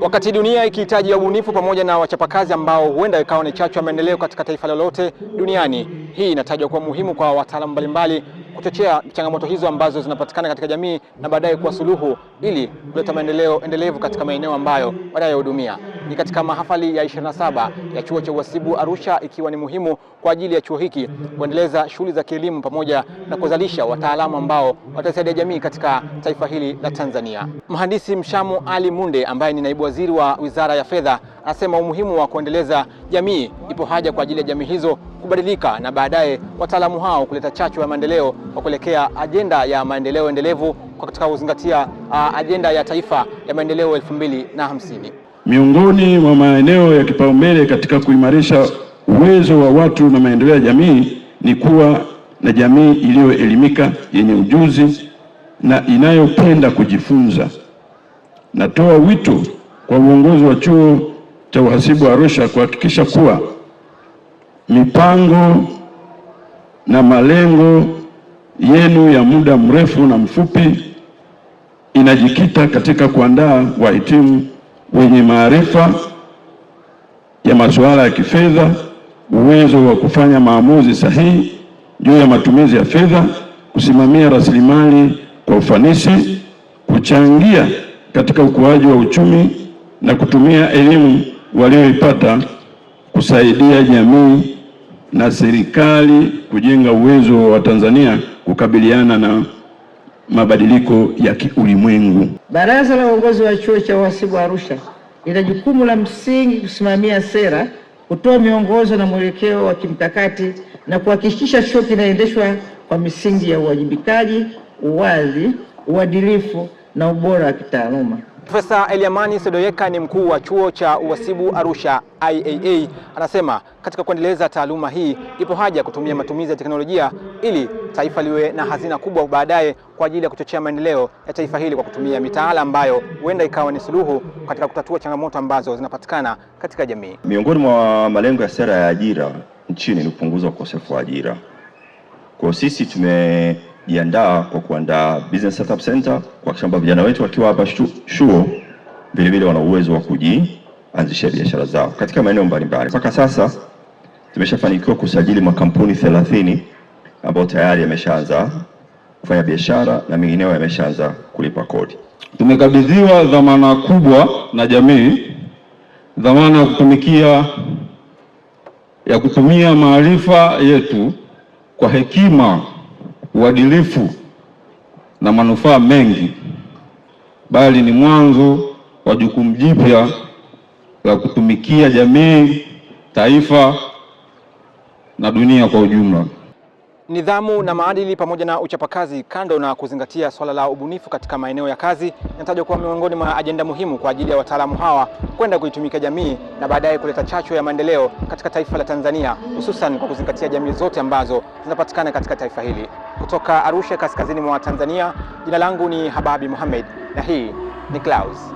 Wakati dunia ikihitaji ubunifu pamoja na wachapakazi ambao huenda ikawa ni chachu ya maendeleo katika taifa lolote duniani, hii inatajwa kuwa muhimu kwa wataalamu mbalimbali kuchochea changamoto hizo ambazo zinapatikana katika jamii na baadaye kuwa suluhu ili kuleta maendeleo endelevu katika maeneo ambayo wanayohudumia. Ni katika mahafali ya 27 ya chuo cha uhasibu Arusha, ikiwa ni muhimu kwa ajili ya chuo hiki kuendeleza shughuli za kielimu pamoja na kuzalisha wataalamu ambao watasaidia jamii katika taifa hili la Tanzania. Mhandisi Mshamu Ali Munde ambaye ni naibu waziri wa Wizara ya Fedha anasema umuhimu wa kuendeleza jamii, ipo haja kwa ajili ya jamii hizo kubadilika na baadaye wataalamu hao kuleta chachu ya maendeleo kwa kuelekea ajenda ya maendeleo endelevu kwa katika kuzingatia uh, ajenda ya taifa ya maendeleo elfu na hamsini. Miongoni mwa maeneo ya kipaumbele katika kuimarisha uwezo wa watu na maendeleo ya jamii ni kuwa na jamii iliyoelimika yenye ujuzi na inayopenda kujifunza. Natoa wito kwa uongozi wa Chuo cha Uhasibu Arusha kuhakikisha kuwa mipango na malengo yenu ya muda mrefu na mfupi inajikita katika kuandaa wahitimu wenye maarifa ya masuala ya kifedha, uwezo wa kufanya maamuzi sahihi juu ya matumizi ya fedha, kusimamia rasilimali kwa ufanisi, kuchangia katika ukuaji wa uchumi na kutumia elimu walioipata kusaidia jamii na serikali kujenga uwezo wa Tanzania kukabiliana na mabadiliko ya kiulimwengu. Baraza la uongozi wa chuo cha uhasibu Arusha lina jukumu la msingi kusimamia sera, kutoa miongozo na mwelekeo wa kimkakati na kuhakikisha chuo kinaendeshwa kwa misingi ya uwajibikaji, uwazi, uadilifu na ubora wa kitaaluma. Profesa Eliamani Sedoyeka ni mkuu wa chuo cha uhasibu Arusha IAA, anasema katika kuendeleza taaluma hii ipo haja ya kutumia matumizi ya teknolojia ili taifa liwe na hazina kubwa baadaye kwa ajili ya kuchochea maendeleo ya taifa hili kwa kutumia mitaala ambayo huenda ikawa ni suluhu katika kutatua changamoto ambazo zinapatikana katika jamii. Miongoni mwa malengo ya sera ya ajira nchini ni kupunguza ukosefu wa ajira. Kwa sisi tume tumejiandaa kwa kuandaa business setup center kwa kwamba vijana wetu wakiwa hapa chuo vilevile wana uwezo wa kujianzishia biashara zao katika maeneo mbalimbali. Mpaka sasa tumeshafanikiwa kusajili makampuni 30 ambayo tayari yameshaanza kufanya biashara na mengineo yameshaanza kulipa kodi. Tumekabidhiwa dhamana kubwa na jamii, dhamana ya kutumikia ya kutumia maarifa yetu kwa hekima uadilifu na manufaa mengi, bali ni mwanzo wa jukumu jipya la kutumikia jamii, taifa na dunia kwa ujumla nidhamu na maadili pamoja na uchapakazi, kando na kuzingatia swala la ubunifu katika maeneo ya kazi, inatajwa kuwa miongoni mwa ajenda muhimu kwa ajili ya wataalamu hawa kwenda kuitumikia jamii na baadaye kuleta chachu ya maendeleo katika taifa la Tanzania, hususan kwa kuzingatia jamii zote ambazo zinapatikana katika taifa hili. Kutoka Arusha, kaskazini mwa Tanzania, jina langu ni Hababi Mohamed na hii ni Clouds.